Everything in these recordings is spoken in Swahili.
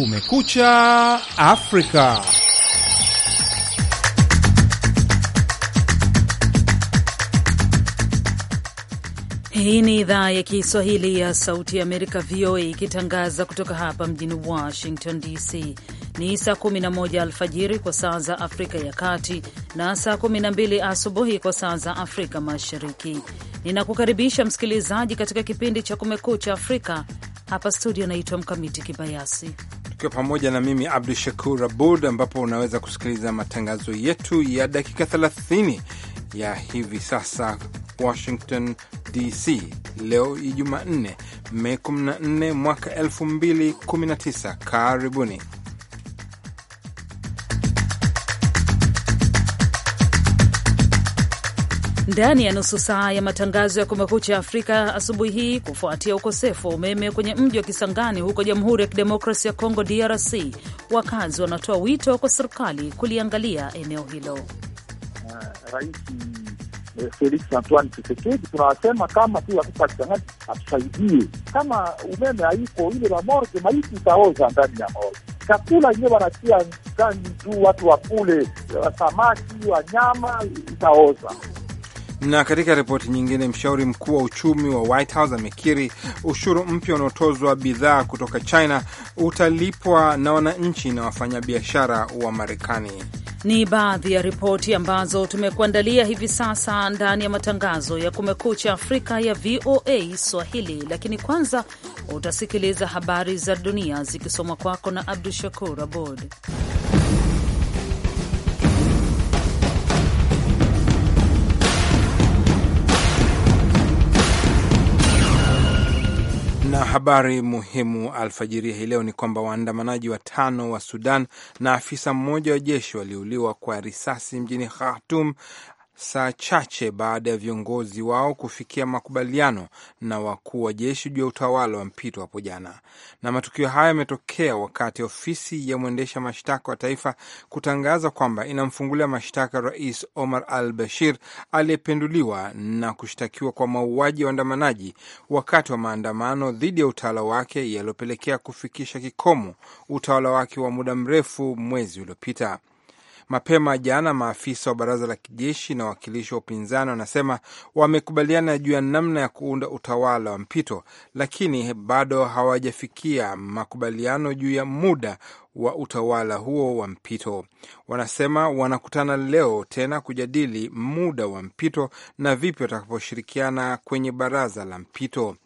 Kumekucha Afrika. Hii ni idhaa ya Kiswahili ya Sauti ya Amerika, VOA, ikitangaza kutoka hapa mjini Washington DC. Ni saa 11 alfajiri kwa saa za Afrika ya Kati na saa 12 asubuhi kwa saa za Afrika Mashariki. Ninakukaribisha msikilizaji katika kipindi cha Kumekucha Afrika. Hapa studio naitwa Mkamiti Kibayasi, tukiwa pamoja na mimi Abdu Shakur Abud, ambapo unaweza kusikiliza matangazo yetu ya dakika 30 ya hivi sasa Washington DC leo Ijumanne, Mei 14 mwaka 2019. Karibuni. ndani ya nusu saa ya matangazo ya Kumekucha Afrika asubuhi hii. Kufuatia ukosefu wa umeme kwenye mji wa Kisangani huko Jamhuri ya Kidemokrasi ya Kongo, DRC, wakazi wanatoa wito kwa serikali kuliangalia eneo hilo. Ah, Rais eh, Felix Antoine chisekedi tunawasema kama tu watoto Kisangani atusaidie, kama umeme haiko ile la morge, maiti itaoza ndani ya morge chakula yenyewe wanatia ndani juu, watu wakule eh, samaki, wanyama itaoza. Na katika ripoti nyingine, mshauri mkuu wa uchumi wa White House amekiri ushuru mpya unaotozwa bidhaa kutoka China utalipwa na wananchi na wafanyabiashara wa Marekani. Ni baadhi ya ripoti ambazo tumekuandalia hivi sasa ndani ya matangazo ya Kumekucha Afrika ya VOA Swahili, lakini kwanza utasikiliza habari za dunia zikisomwa kwako na Abdu Shakur Abod. habari muhimu alfajiri hii leo ni kwamba waandamanaji watano wa Sudan na afisa mmoja wa jeshi waliuliwa kwa risasi mjini Khartum saa chache baada ya viongozi wao kufikia makubaliano na wakuu wa jeshi juu ya utawala wa mpito hapo jana. Na matukio haya yametokea wakati ofisi ya mwendesha mashtaka wa taifa kutangaza kwamba inamfungulia mashtaka Rais Omar al Bashir aliyepinduliwa na kushtakiwa kwa mauaji ya waandamanaji wakati wa maandamano dhidi ya utawala wake yaliyopelekea kufikisha kikomo utawala wake wa muda mrefu mwezi uliopita. Mapema jana, maafisa wa baraza la kijeshi na wawakilishi wa upinzani wanasema wamekubaliana juu ya namna ya kuunda utawala wa mpito, lakini bado hawajafikia makubaliano juu ya muda wa utawala huo wa mpito. Wanasema wanakutana leo tena kujadili muda wa mpito na vipi watakaposhirikiana kwenye baraza la mpito.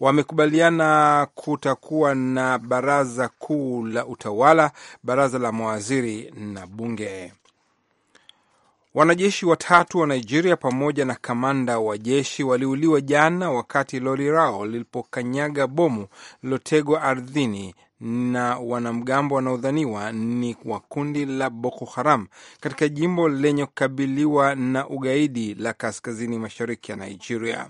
Wamekubaliana kutakuwa na baraza kuu la utawala, baraza la mawaziri na bunge. Wanajeshi watatu wa Nigeria pamoja na kamanda wa jeshi waliuliwa jana wakati lori lao lilipokanyaga bomu lilotegwa ardhini na wanamgambo wanaodhaniwa ni wa kundi la Boko Haram katika jimbo lenye kukabiliwa na ugaidi la kaskazini mashariki ya Nigeria.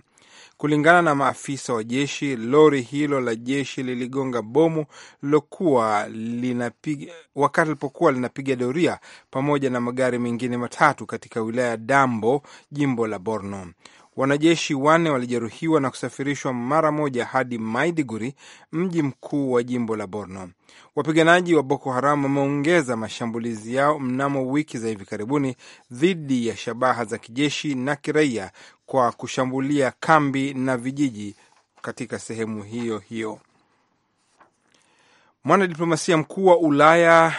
Kulingana na maafisa wa jeshi, lori hilo la jeshi liligonga bomu lilokuwa linapiga wakati lilipokuwa linapiga doria pamoja na magari mengine matatu katika wilaya ya Dambo, jimbo la Borno. Wanajeshi wanne walijeruhiwa na kusafirishwa mara moja hadi Maiduguri, mji mkuu wa jimbo la Borno. Wapiganaji wa Boko Haram wameongeza mashambulizi yao mnamo wiki za hivi karibuni dhidi ya shabaha za kijeshi na kiraia kwa kushambulia kambi na vijiji katika sehemu hiyo hiyo. Mwanadiplomasia mkuu wa Ulaya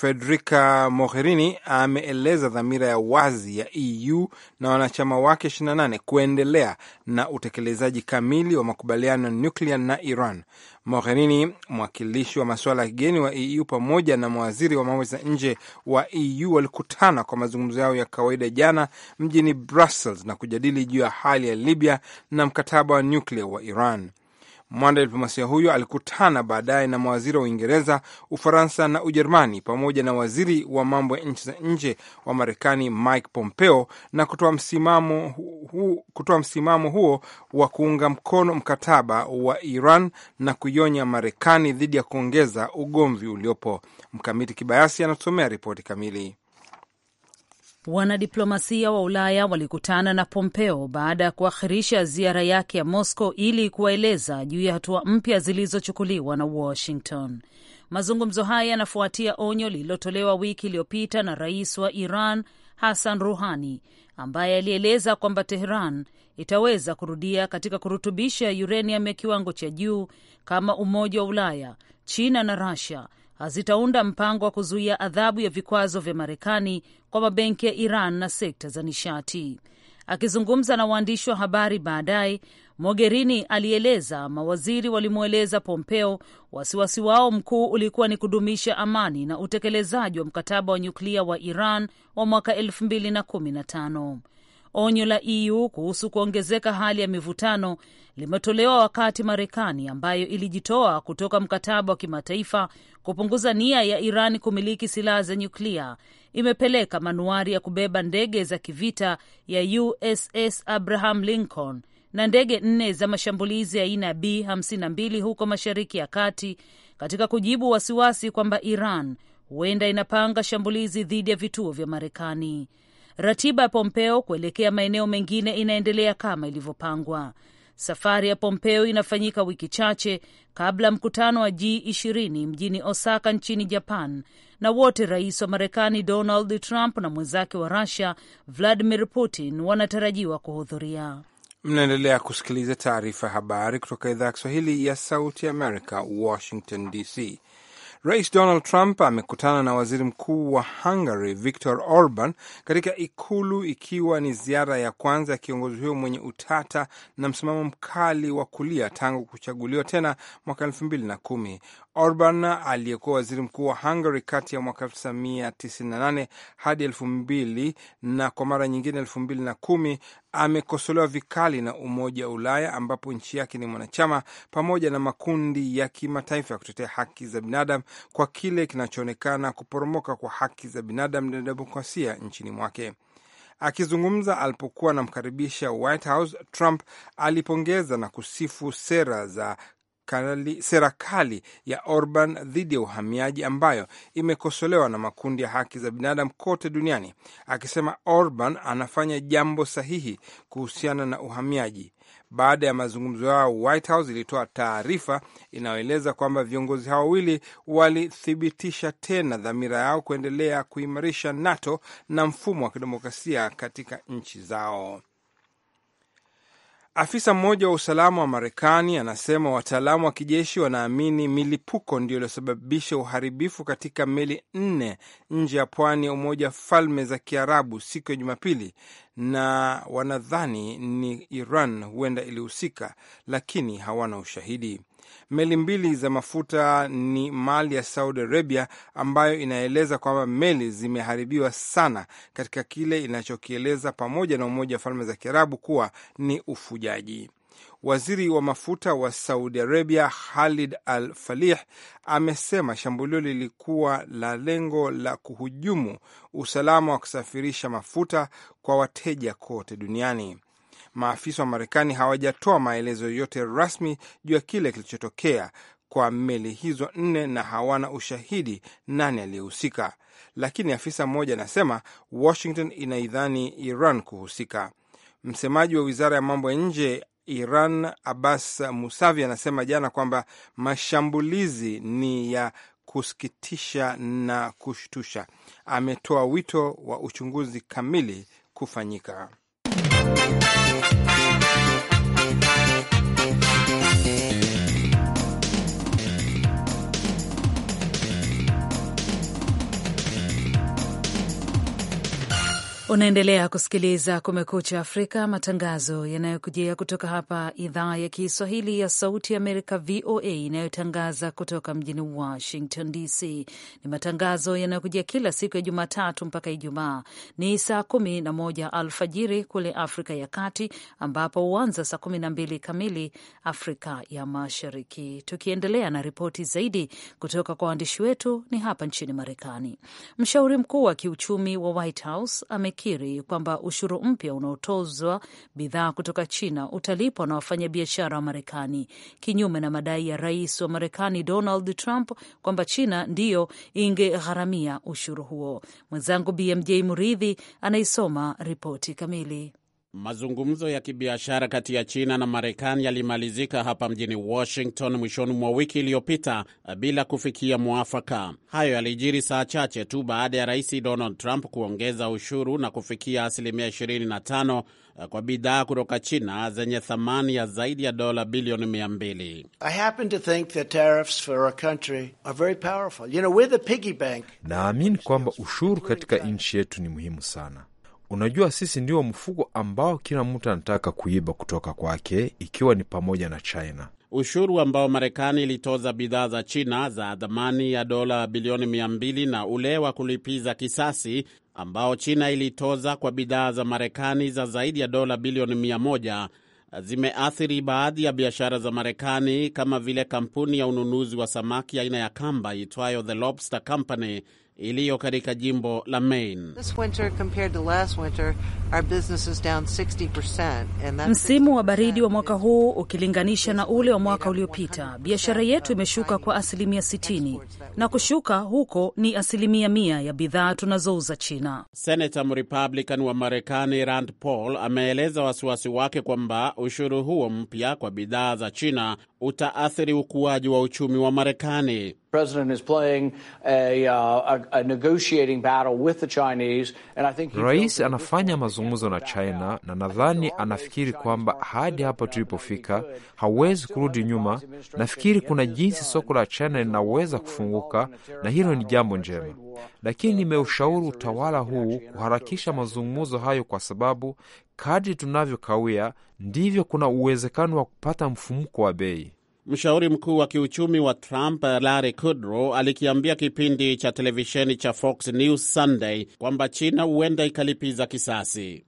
Federica Mogherini ameeleza dhamira ya wazi ya EU na wanachama wake 28 kuendelea na utekelezaji kamili wa makubaliano ya nyuklia na Iran. Mogherini, mwakilishi wa masuala ya kigeni wa EU pamoja na mawaziri wa mambo za nje wa EU walikutana kwa mazungumzo yao ya kawaida jana mjini Brussels na kujadili juu ya hali ya Libya na mkataba wa nyuklia wa Iran. Mwanda diplomasia huyo alikutana baadaye na mawaziri wa Uingereza, Ufaransa na Ujerumani pamoja na waziri wa mambo ya nchi za nje wa Marekani Mike Pompeo na kutoa msimamo, hu, kutoa msimamo huo wa kuunga mkono mkataba wa Iran na kuionya Marekani dhidi ya kuongeza ugomvi uliopo. Mkamiti Kibayasi anatusomea ripoti kamili. Wanadiplomasia wa Ulaya walikutana na Pompeo baada ya kuakhirisha ziara yake ya Moscow ili kuwaeleza juu ya hatua mpya zilizochukuliwa na Washington. Mazungumzo haya yanafuatia onyo lililotolewa wiki iliyopita na rais wa Iran Hassan Ruhani, ambaye alieleza kwamba Tehran itaweza kurudia katika kurutubisha uranium ya kiwango cha juu kama Umoja wa Ulaya, China na rasia hazitaunda mpango wa kuzuia adhabu ya vikwazo vya Marekani kwa mabenki ya Iran na sekta za nishati. Akizungumza na waandishi wa habari baadaye, Mogherini alieleza mawaziri walimweleza Pompeo wasiwasi wao mkuu ulikuwa ni kudumisha amani na utekelezaji wa mkataba wa nyuklia wa Iran wa mwaka tano Onyo la EU kuhusu kuongezeka hali ya mivutano limetolewa wakati Marekani ambayo ilijitoa kutoka mkataba wa kimataifa kupunguza nia ya Iran kumiliki silaha za nyuklia imepeleka manuari ya kubeba ndege za kivita ya USS Abraham Lincoln na ndege nne za mashambulizi ya aina ya B52 huko Mashariki ya Kati katika kujibu wasiwasi kwamba Iran huenda inapanga shambulizi dhidi ya vituo vya Marekani. Ratiba ya Pompeo kuelekea maeneo mengine inaendelea kama ilivyopangwa. Safari ya Pompeo inafanyika wiki chache kabla ya mkutano wa G20 mjini Osaka nchini Japan, na wote rais wa Marekani Donald Trump na mwenzake wa Russia Vladimir Putin wanatarajiwa kuhudhuria. Mnaendelea kusikiliza taarifa ya habari kutoka idhaa ya Kiswahili ya Sauti America, Washington DC. Rais Donald Trump amekutana na waziri mkuu wa Hungary Viktor Orban katika Ikulu, ikiwa ni ziara ya kwanza ya kiongozi huyo mwenye utata na msimamo mkali wa kulia tangu kuchaguliwa tena mwaka elfu mbili na kumi. Orban aliyekuwa waziri mkuu wa Hungary kati ya mwaka 1998 hadi 2000 na kwa mara nyingine 2010 amekosolewa vikali na Umoja wa Ulaya ambapo nchi yake ni mwanachama pamoja na makundi ya kimataifa ya kutetea haki za binadamu kwa kile kinachoonekana kuporomoka kwa haki za binadamu na demokrasia nchini mwake. Akizungumza alipokuwa anamkaribisha White House, Trump alipongeza na kusifu sera za serikali ya Orban dhidi ya uhamiaji ambayo imekosolewa na makundi ya haki za binadamu kote duniani, akisema Orban anafanya jambo sahihi kuhusiana na uhamiaji. Baada ya mazungumzo yao, White House ilitoa taarifa inayoeleza kwamba viongozi hao wawili walithibitisha tena dhamira yao kuendelea kuimarisha NATO na mfumo wa kidemokrasia katika nchi zao. Afisa mmoja wa usalama wa Marekani anasema wataalamu wa kijeshi wanaamini milipuko ndio iliyosababisha uharibifu katika meli nne nje ya pwani ya Umoja Falme za Kiarabu siku ya Jumapili, na wanadhani ni Iran huenda ilihusika, lakini hawana ushahidi. Meli mbili za mafuta ni mali ya Saudi Arabia, ambayo inaeleza kwamba meli zimeharibiwa sana katika kile inachokieleza pamoja na Umoja wa Falme za Kiarabu kuwa ni ufujaji. Waziri wa mafuta wa Saudi Arabia Khalid Al Falih amesema shambulio lilikuwa la lengo la kuhujumu usalama wa kusafirisha mafuta kwa wateja kote duniani maafisa wa Marekani hawajatoa maelezo yoyote rasmi juu ya kile kilichotokea kwa meli hizo nne na hawana ushahidi nani aliyehusika, lakini afisa mmoja anasema Washington inaidhani Iran kuhusika. Msemaji wa wizara ya mambo ya nje Iran Abbas Musavi anasema jana kwamba mashambulizi ni ya kusikitisha na kushtusha. Ametoa wito wa uchunguzi kamili kufanyika. Thank you. Unaendelea kusikiliza Kumekucha Afrika, matangazo yanayokujia kutoka hapa idhaa ya Kiswahili ya Sauti Amerika, VOA, inayotangaza kutoka mjini Washington DC. Ni matangazo yanayokujia kila siku ya Jumatatu mpaka Ijumaa. Ni saa kumi na moja alfajiri kule Afrika ya Kati, ambapo huanza saa kumi na mbili kamili Afrika ya Mashariki. Tukiendelea na ripoti zaidi kutoka kwa waandishi wetu, ni hapa nchini Marekani. Mshauri mkuu wa kiuchumi wa White House wanakiri kwamba ushuru mpya unaotozwa bidhaa kutoka China utalipwa na wafanyabiashara wa Marekani, kinyume na madai ya rais wa Marekani Donald Trump kwamba China ndiyo ingegharamia ushuru huo. Mwenzangu BMJ Muridhi anaisoma ripoti kamili. Mazungumzo ya kibiashara kati ya China na Marekani yalimalizika hapa mjini Washington mwishoni mwa wiki iliyopita eh, bila kufikia mwafaka. Hayo yalijiri saa chache tu baada ya Rais Donald Trump kuongeza ushuru na kufikia asilimia 25 eh, kwa bidhaa kutoka China zenye thamani ya zaidi ya dola bilioni 200. Naamini kwamba ushuru katika nchi yetu ni muhimu sana Unajua, sisi ndio mfuko ambao kila mtu anataka kuiba kutoka kwake, ikiwa ni pamoja na China. Ushuru ambao Marekani ilitoza bidhaa za China za thamani ya dola bilioni 200 na ule wa kulipiza kisasi ambao China ilitoza kwa bidhaa za Marekani za zaidi ya dola bilioni 100 zimeathiri baadhi ya biashara za Marekani kama vile kampuni ya ununuzi wa samaki aina ya kamba itwayo The Lobster Company iliyo katika jimbo la Maine. Msimu wa baridi wa mwaka huu ukilinganisha na ule wa mwaka uliopita, biashara yetu imeshuka kwa asilimia 60 na kushuka huko ni asilimia mia ya bidhaa tunazouza China. Senata Mrepublican wa Marekani Rand Paul ameeleza wasiwasi wake kwamba ushuru huo mpya kwa bidhaa za China utaathiri ukuaji wa uchumi wa Marekani. Rais anafanya mazungumzo na China na nadhani anafikiri kwamba hadi hapa tulipofika hawezi kurudi nyuma. Nafikiri kuna jinsi soko la China linaweza kufunguka na hilo ni jambo njema, lakini nimeushauri utawala huu kuharakisha mazungumzo hayo kwa sababu kadri tunavyokawia ndivyo kuna uwezekano wa kupata mfumuko wa bei. Mshauri mkuu wa kiuchumi wa Trump, Larry Kudlow, alikiambia kipindi cha televisheni cha Fox News Sunday kwamba China huenda ikalipiza kisasi.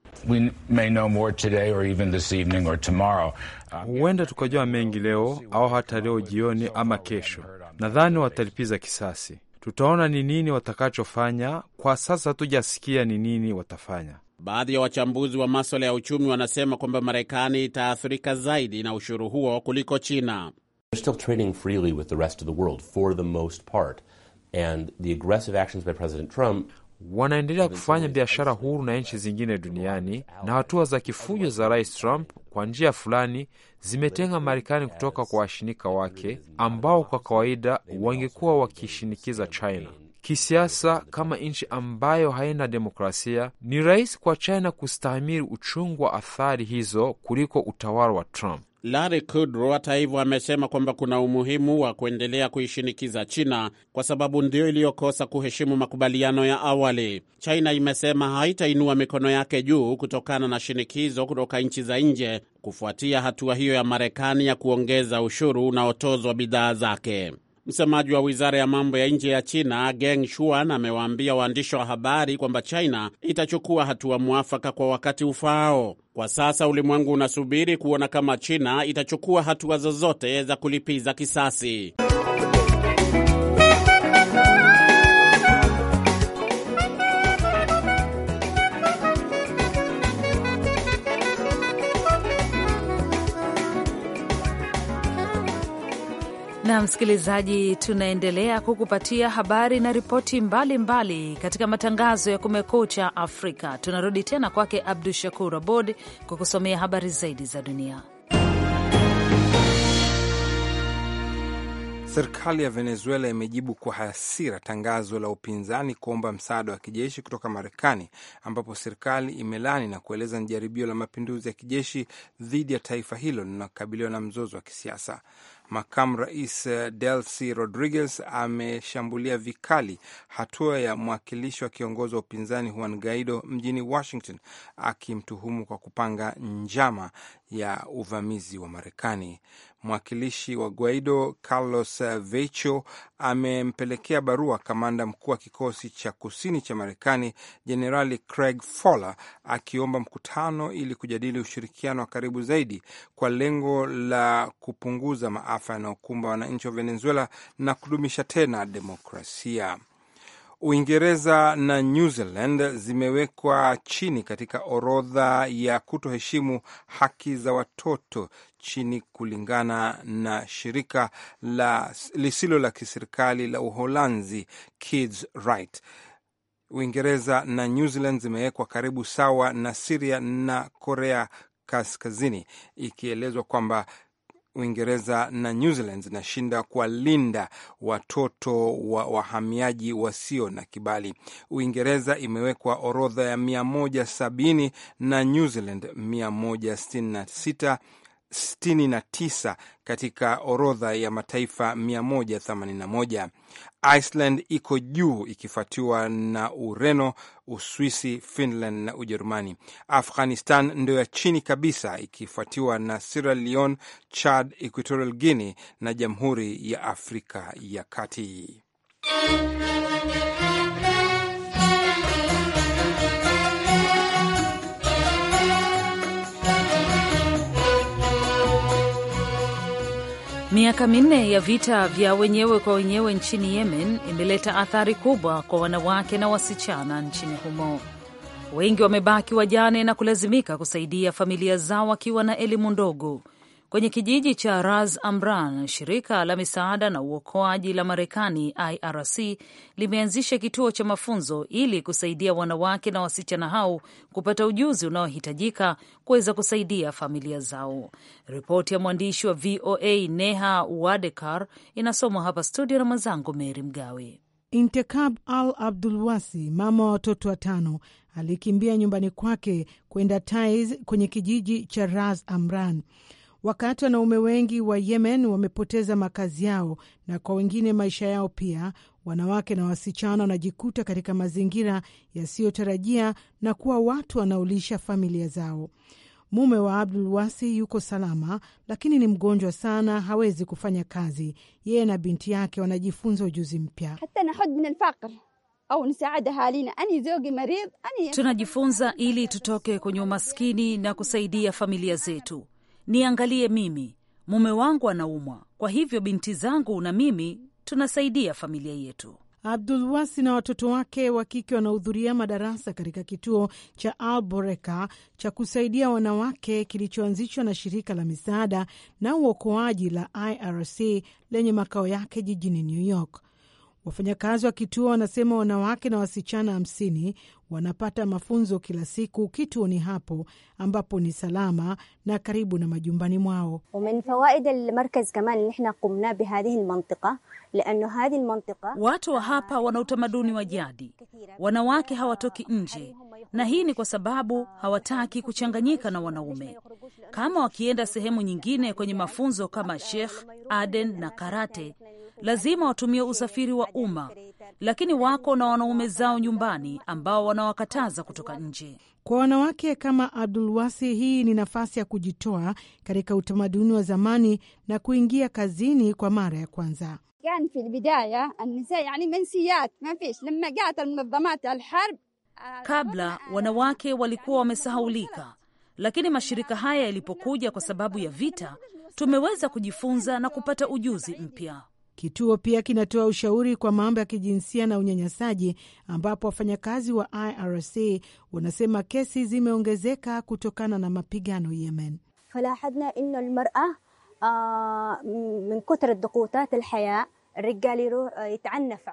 Huenda tukajua mengi leo au hata leo jioni ama kesho. Nadhani watalipiza kisasi, tutaona ni nini watakachofanya. Kwa sasa hatujasikia ni nini watafanya. Baadhi ya wachambuzi wa maswala ya uchumi wanasema kwamba Marekani itaathirika zaidi na ushuru huo kuliko China. They're still trading freely with the rest of the world for the most part. And the aggressive actions by President Trump wanaendelea kufanya biashara huru na nchi zingine duniani, na hatua za kifujo za Rais Trump kwa njia fulani zimetenga Marekani kutoka kwa washinika wake ambao kwa kawaida wangekuwa wakishinikiza China kisiasa. Kama nchi ambayo haina demokrasia, ni rahisi kwa China kustahimili uchungu wa athari hizo kuliko utawala wa Trump. Larry Kudrow hata hivyo amesema kwamba kuna umuhimu wa kuendelea kuishinikiza China kwa sababu ndio iliyokosa kuheshimu makubaliano ya awali. China imesema haitainua mikono yake juu kutokana na shinikizo kutoka nchi za nje kufuatia hatua hiyo ya Marekani ya kuongeza ushuru unaotozwa bidhaa zake. Msemaji wa wizara ya mambo ya nje ya China Geng Shuan amewaambia waandishi wa habari kwamba China itachukua hatua mwafaka kwa wakati ufaao. Kwa sasa ulimwengu unasubiri kuona kama China itachukua hatua zozote za kulipiza kisasi. na msikilizaji, tunaendelea kukupatia habari na ripoti mbalimbali katika matangazo ya Kumekucha Afrika. Tunarudi tena kwake Abdu Shakur Abod kukusomea habari zaidi za dunia. Serikali ya Venezuela imejibu kwa hasira tangazo la upinzani kuomba msaada wa kijeshi kutoka Marekani, ambapo serikali imelani na kueleza ni jaribio la mapinduzi ya kijeshi dhidi ya taifa hilo linakabiliwa na mzozo wa kisiasa. Makamu Rais eh, Delcy Rodriguez ameshambulia vikali hatua ya mwakilishi wa kiongozi wa upinzani Juan Guaido mjini Washington, akimtuhumu kwa kupanga njama ya uvamizi wa Marekani. Mwakilishi wa Guaido Carlos Vecho amempelekea barua kamanda mkuu wa kikosi cha kusini cha Marekani Jenerali Craig Fowler akiomba mkutano ili kujadili ushirikiano wa karibu zaidi kwa lengo la kupunguza maafa yanayokumba wananchi wa Venezuela na kudumisha tena demokrasia. Uingereza na New Zealand zimewekwa chini katika orodha ya kutoheshimu haki za watoto chini kulingana na shirika la lisilo la kiserikali la Uholanzi Kids Right. Uingereza na New Zealand zimewekwa karibu sawa na Siria na Korea Kaskazini, ikielezwa kwamba Uingereza na New Zealand zinashinda kuwalinda watoto wa wahamiaji wasio na kibali. Uingereza imewekwa orodha ya sabini na New Zealand sita 69 katika orodha ya mataifa 181. Iceland iko juu ikifuatiwa na Ureno, Uswisi, Finland na Ujerumani. Afghanistan ndio ya chini kabisa ikifuatiwa na Sierra Leone, Chad, Equatorial Guinea na Jamhuri ya Afrika ya Kati. Miaka minne ya vita vya wenyewe kwa wenyewe nchini Yemen imeleta athari kubwa kwa wanawake na wasichana nchini humo. Wengi wamebaki wajane na kulazimika kusaidia familia zao wakiwa na elimu ndogo, Kwenye kijiji cha Ras Amran, shirika la misaada na uokoaji la Marekani IRC limeanzisha kituo cha mafunzo ili kusaidia wanawake na wasichana hao kupata ujuzi unaohitajika kuweza kusaidia familia zao. Ripoti ya mwandishi wa VOA Neha Wadekar inasomwa hapa studio na mwenzangu Meri Mgawe. Intekab Al Abdulwasi, mama wa watoto watano, alikimbia nyumbani kwake kwenda Tais kwenye kijiji cha Ras Amran wakati wanaume wengi wa Yemen wamepoteza makazi yao na kwa wengine maisha yao pia, wanawake na wasichana wanajikuta katika mazingira yasiyotarajia na kuwa watu wanaolisha familia zao. Mume wa Abdul Wasi yuko salama, lakini ni mgonjwa sana, hawezi kufanya kazi. Yeye na binti yake wanajifunza ujuzi mpya. Tunajifunza ili tutoke kwenye umaskini na kusaidia familia zetu niangalie mimi, mume wangu anaumwa, kwa hivyo binti zangu na mimi tunasaidia familia yetu. Abdulwasi na watoto wake wa kike wanahudhuria madarasa katika kituo cha Alboreka cha kusaidia wanawake kilichoanzishwa na shirika la misaada na uokoaji la IRC lenye makao yake jijini New York. Wafanyakazi wa kituo wanasema wanawake na wasichana hamsini wanapata mafunzo kila siku kituoni hapo ambapo ni salama na karibu na majumbani mwao. Watu wa hapa wana utamaduni wa jadi, wanawake hawatoki nje, na hii ni kwa sababu hawataki kuchanganyika na wanaume. Kama wakienda sehemu nyingine kwenye mafunzo kama Sheikh Aden na karate lazima watumie usafiri wa umma, lakini wako na wanaume zao nyumbani ambao wanawakataza kutoka nje. Kwa wanawake kama Abdulwasi, hii ni nafasi ya kujitoa katika utamaduni wa zamani na kuingia kazini kwa mara ya kwanza. Ah, Kabla ah, wanawake walikuwa wamesahaulika, lakini mashirika haya yalipokuja kwa sababu ya vita, tumeweza kujifunza na kupata ujuzi mpya. Kituo pia kinatoa ushauri kwa mambo ya kijinsia na unyanyasaji, ambapo wafanyakazi wa IRC wanasema kesi zimeongezeka kutokana na mapigano Yemen. falahadna lmara min dukutat lhaya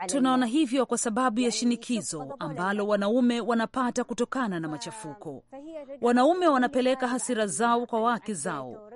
Tunaona hivyo kwa sababu ya shinikizo ambalo wanaume wanapata kutokana na machafuko. Wanaume wanapeleka hasira zao kwa wake zao.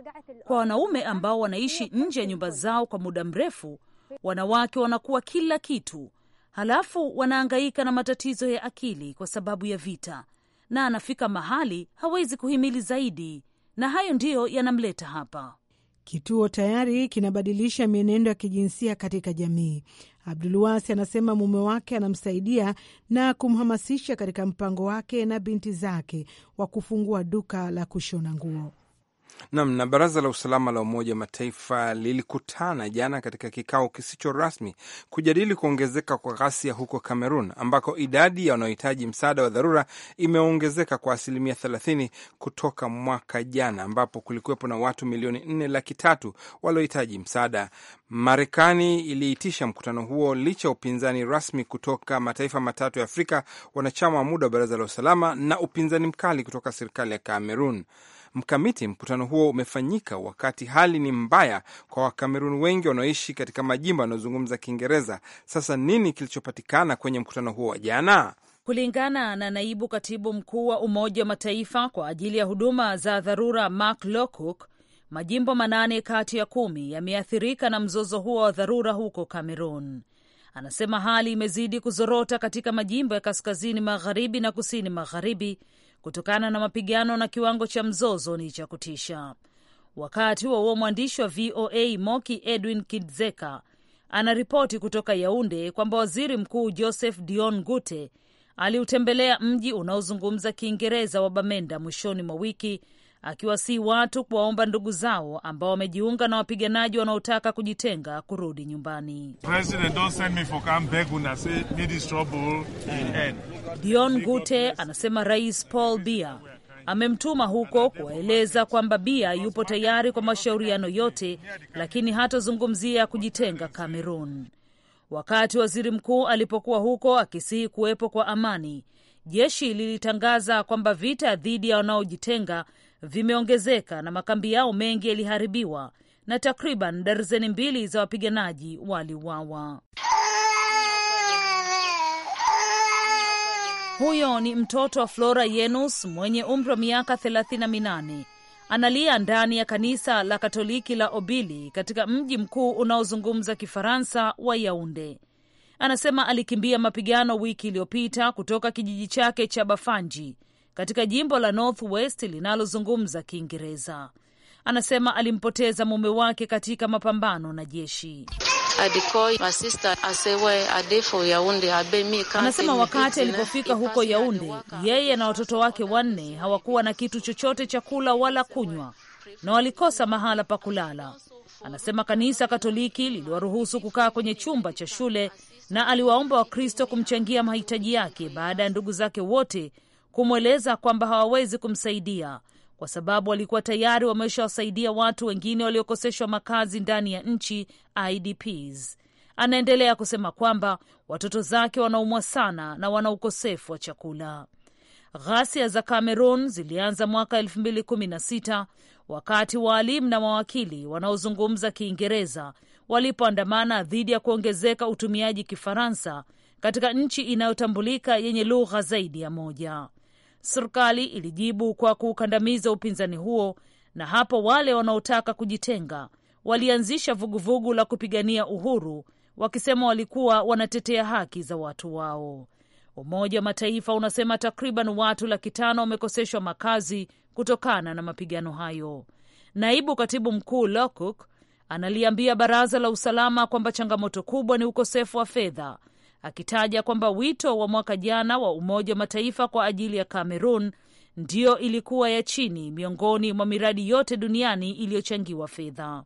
Kwa wanaume ambao wanaishi nje ya nyumba zao kwa muda mrefu, wanawake wanakuwa kila kitu, halafu wanaangaika na matatizo ya akili kwa sababu ya vita, na anafika mahali hawezi kuhimili zaidi, na hayo ndiyo yanamleta hapa. Kituo tayari kinabadilisha mienendo ya kijinsia katika jamii. Abdulwasi anasema mume wake anamsaidia na kumhamasisha katika mpango wake na binti zake wa kufungua duka la kushona nguo. Nam. Na baraza la usalama la Umoja wa Mataifa lilikutana jana katika kikao kisicho rasmi kujadili kuongezeka kwa ghasia huko cameron ambako idadi ya wanaohitaji msaada wa dharura imeongezeka kwa asilimia 30 kutoka mwaka jana, ambapo kulikuwepo na watu milioni nne laki tatu waliohitaji msaada. Marekani iliitisha mkutano huo licha ya upinzani rasmi kutoka mataifa matatu ya Afrika wanachama wa muda wa baraza la usalama na upinzani mkali kutoka serikali ya cameron Mkamiti, mkutano huo umefanyika wakati hali ni mbaya kwa Wakameruni wengi wanaoishi katika majimbo yanayozungumza Kiingereza. Sasa nini kilichopatikana kwenye mkutano huo wa jana? Kulingana na naibu katibu mkuu wa Umoja wa Mataifa kwa ajili ya huduma za dharura Mark Lowcock, majimbo manane kati ya kumi yameathirika na mzozo huo wa dharura huko cameron Anasema hali imezidi kuzorota katika majimbo ya kaskazini magharibi na kusini magharibi kutokana na mapigano na kiwango cha mzozo ni cha kutisha. Wakati wa huo, mwandishi wa VOA Moki Edwin Kidzeka anaripoti kutoka Yaunde kwamba waziri mkuu Joseph Dion Gute aliutembelea mji unaozungumza Kiingereza wa Bamenda mwishoni mwa wiki akiwasihi watu kuwaomba ndugu zao ambao wamejiunga na wapiganaji wanaotaka kujitenga kurudi nyumbani. Dion Gute anasema Rais Paul Bia amemtuma huko kuwaeleza kwamba Bia yupo tayari kwa mashauriano yote, lakini hatazungumzia kujitenga cameron Wakati waziri mkuu alipokuwa huko akisihi kuwepo kwa amani, jeshi lilitangaza kwamba vita dhidi ya wanaojitenga vimeongezeka na makambi yao mengi yaliharibiwa na takriban darzeni mbili za wapiganaji waliuawa. Huyo ni mtoto wa Flora Yenus mwenye umri wa miaka 38 analia ndani ya kanisa la Katoliki la Obili katika mji mkuu unaozungumza Kifaransa wa Yaunde. Anasema alikimbia mapigano wiki iliyopita kutoka kijiji chake cha Bafanji katika jimbo la North West linalozungumza Kiingereza. Anasema alimpoteza mume wake katika mapambano na jeshi. Anasema wakati alipofika huko Yaunde, yeye na watoto wake wanne hawakuwa na kitu chochote cha kula wala kunywa na walikosa mahala pa kulala. Anasema kanisa Katoliki liliwaruhusu kukaa kwenye chumba cha shule na aliwaomba Wakristo kumchangia mahitaji yake baada ya ndugu zake wote kumweleza kwamba hawawezi kumsaidia kwa sababu walikuwa tayari wameshawasaidia watu wengine waliokoseshwa makazi ndani ya nchi IDPs. Anaendelea kusema kwamba watoto zake wanaumwa sana na wana ukosefu wa chakula. Ghasia za Cameroon zilianza mwaka 2016 wakati waalimu na mawakili wanaozungumza Kiingereza walipoandamana dhidi ya kuongezeka utumiaji Kifaransa katika nchi inayotambulika yenye lugha zaidi ya moja. Serikali ilijibu kwa kuukandamiza upinzani huo, na hapo wale wanaotaka kujitenga walianzisha vuguvugu la kupigania uhuru, wakisema walikuwa wanatetea haki za watu wao. Umoja wa Mataifa unasema takriban watu laki tano wamekoseshwa makazi kutokana na mapigano hayo. Naibu katibu mkuu Lokuk analiambia baraza la usalama kwamba changamoto kubwa ni ukosefu wa fedha akitaja kwamba wito wa mwaka jana wa Umoja wa Mataifa kwa ajili ya cameron ndiyo ilikuwa ya chini miongoni mwa miradi yote duniani iliyochangiwa fedha.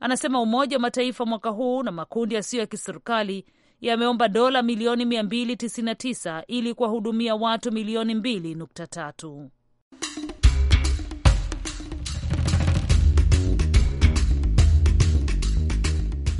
Anasema Umoja wa Mataifa mwaka huu na makundi yasiyo ya kiserikali yameomba dola milioni 299 ili kuwahudumia watu milioni 2.3.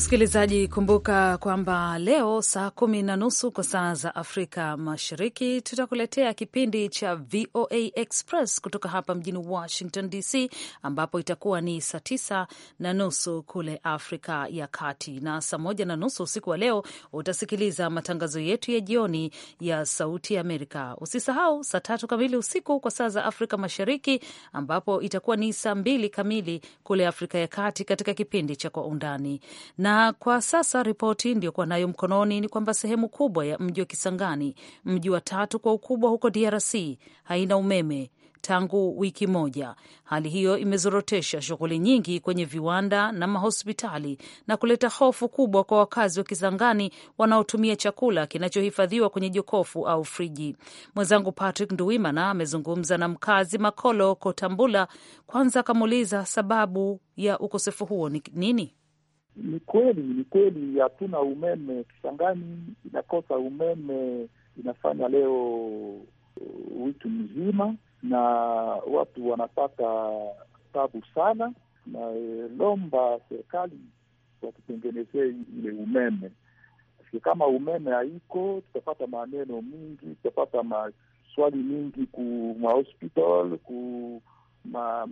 Msikilizaji, kumbuka kwamba leo saa kumi na nusu kwa saa za Afrika Mashariki tutakuletea kipindi cha VOA Express kutoka hapa mjini Washington DC, ambapo itakuwa ni saa tisa na nusu kule Afrika ya Kati, na saa moja na nusu usiku wa leo utasikiliza matangazo yetu ya jioni ya Sauti Amerika. Usisahau saa tatu kamili usiku kwa saa za Afrika Mashariki, ambapo itakuwa ni saa mbili kamili kule Afrika ya Kati, katika kipindi cha Kwa Undani na na kwa sasa ripoti ndiyokuwa nayo mkononi ni kwamba sehemu kubwa ya mji wa Kisangani, mji wa tatu kwa ukubwa huko DRC, haina umeme tangu wiki moja. Hali hiyo imezorotesha shughuli nyingi kwenye viwanda na mahospitali na kuleta hofu kubwa kwa wakazi wa Kisangani wanaotumia chakula kinachohifadhiwa kwenye jokofu au friji. Mwenzangu Patrick Nduwimana amezungumza na mkazi Makolo Kotambula, kwanza akamuuliza sababu ya ukosefu huo ni nini. Ni kweli, ni kweli, hatuna umeme. Kisangani inakosa umeme, inafanya leo uh, wiki mzima, na watu wanapata tabu sana. Tunalomba eh, serikali watutengenezee ile umeme. Kama umeme haiko, tutapata maneno mingi, tutapata maswali mingi ku mahospital ku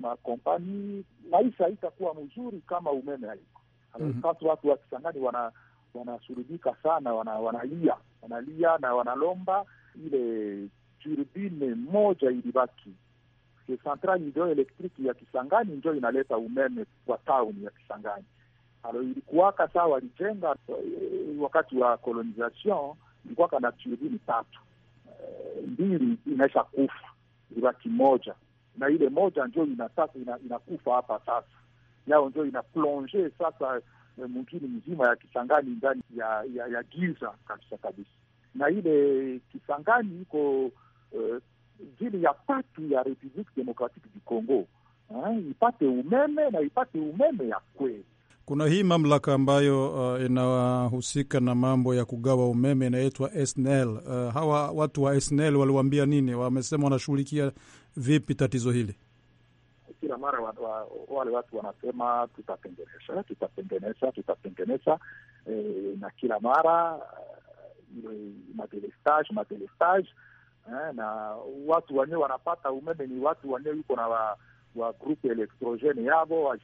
makompani ma maisha haitakuwa mzuri kama umeme haiko mm -hmm. watu wa Kisangani wana wanasurudika sana, wanalia wanalia na wanalomba ile turbine moja ilibaki sentrali hidroelektriki ya Kisangani njo inaleta umeme kwa tauni ya Kisangani. Alo, ilikuwaka saa walijenga eh, wakati wa colonization, ilikuwaka na turbini tatu, eh, mbili inaisha kufa, ilibaki moja, na ile moja njo inataka inakufa hapa sasa yao ndio ina plonge sasa eh, mwingine mzima ya Kisangani ndani ya, ya, ya giza kabisa kabisa, na ile Kisangani iko vile eh, uh, ya tatu ya Republique Democratique du Congo uh, ipate umeme na ipate umeme ya kweli. Kuna hii mamlaka ambayo uh, inahusika na mambo ya kugawa umeme inaitwa SNEL. Uh, hawa watu wa SNEL waliwaambia nini? Wamesema wanashughulikia vipi tatizo hili? kila mara wa, wa, wale watu wanasema tutatengeneza tutatengeneza tutatengeneza e, na kila mara ile madelestage madelestage eh, na watu wenyewe wanapata umeme ni watu wenyewe yuko na wa, wa grupe elektrogene yavo wa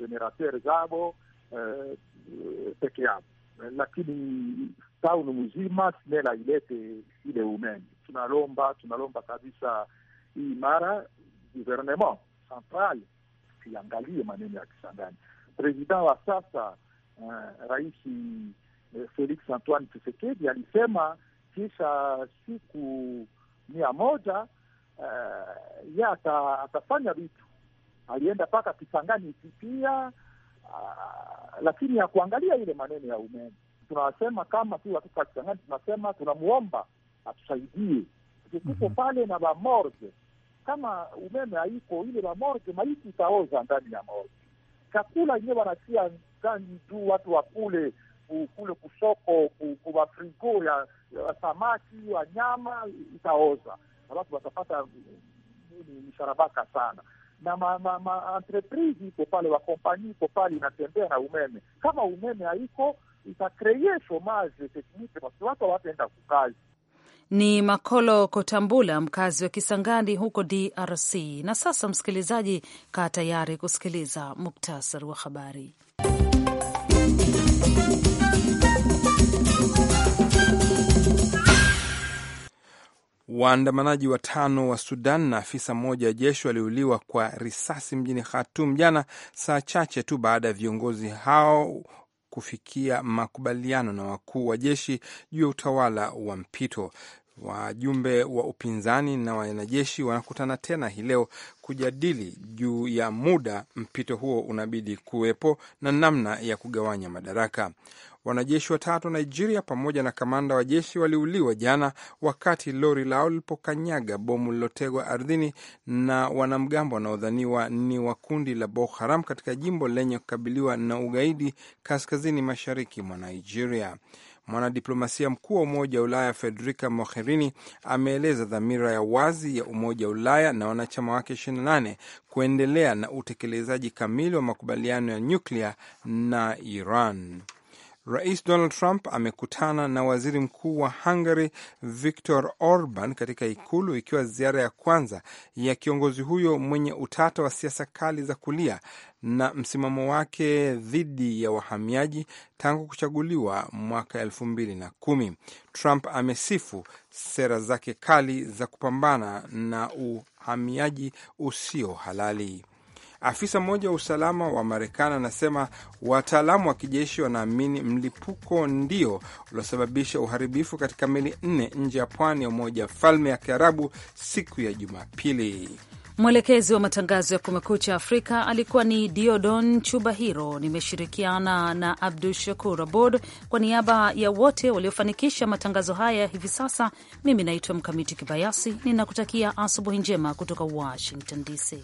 zavo eh, peke yavo e, lakini tauni mzima sinela ilete ile umeme. Tunalomba tunalomba kabisa hii mara guvernement central asiangalie maneno ya Kisangani. Presida wa sasa uh, Rais uh, Felix Antoine Tshisekedi alisema kisha siku mia moja uh, eh, ye atafanya vitu. Alienda mpaka Kisangani pia uh, lakini ya kuangalia ile maneno ya umeme. Tunasema kama tu watoto wa Kisangani tunasema tunamuomba atusaidie, tuko mhm. pale na bamorge kama umeme haiko ile mamorge, maiti itaoza ndani ya morge. Chakula yenyewe wanatia ndani juu watu wakule kule kusoko kumafrigo ya, ya samaki wa nyama itaoza, alafu watapata mm, misharabaka sana na ma, ma, ma entreprise iko pale, wakompani iko pale inatembea na umeme. Kama umeme haiko itakreye shomaje teknike, basi watu hawataenda kukazi ni Makolo Kotambula, mkazi wa Kisangani huko DRC. Na sasa, msikilizaji, kaa tayari kusikiliza muktasari wa habari. Waandamanaji watano wa Sudan na afisa mmoja wa jeshi waliuliwa kwa risasi mjini khatum jana, saa chache tu baada ya viongozi hao kufikia makubaliano na wakuu wa jeshi juu ya utawala wa mpito. Wajumbe wa upinzani na wanajeshi wanakutana tena hii leo kujadili juu ya muda mpito huo unabidi kuwepo na namna ya kugawanya madaraka. Wanajeshi watatu wa Nigeria pamoja na kamanda wa jeshi waliuliwa jana wakati lori lao lilipokanyaga bomu lilotegwa ardhini na wanamgambo wanaodhaniwa ni wa kundi la Boko Haram katika jimbo lenye kukabiliwa na ugaidi kaskazini mashariki mwa Nigeria. Mwanadiplomasia mkuu wa Umoja wa Ulaya Federica Mogherini ameeleza dhamira ya wazi ya Umoja wa Ulaya na wanachama wake 28 kuendelea na utekelezaji kamili wa makubaliano ya nyuklia na Iran. Rais Donald Trump amekutana na waziri mkuu wa Hungary Viktor Orban katika Ikulu, ikiwa ziara ya kwanza ya kiongozi huyo mwenye utata wa siasa kali za kulia na msimamo wake dhidi ya wahamiaji tangu kuchaguliwa mwaka elfu mbili na kumi. Trump amesifu sera zake kali za kupambana na uhamiaji usio halali. Afisa mmoja wa usalama wa Marekani anasema wataalamu wa kijeshi wanaamini mlipuko ndio uliosababisha uharibifu katika meli nne nje ya pwani ya Umoja Falme ya Kiarabu siku ya Jumapili. Mwelekezi wa matangazo ya Kumekucha Afrika alikuwa ni Diodon Chubahiro. Nimeshirikiana na Abdu Shakur Abod. Kwa niaba ya wote waliofanikisha matangazo haya hivi sasa, mimi naitwa Mkamiti Kibayasi, ninakutakia asubuhi njema kutoka Washington DC.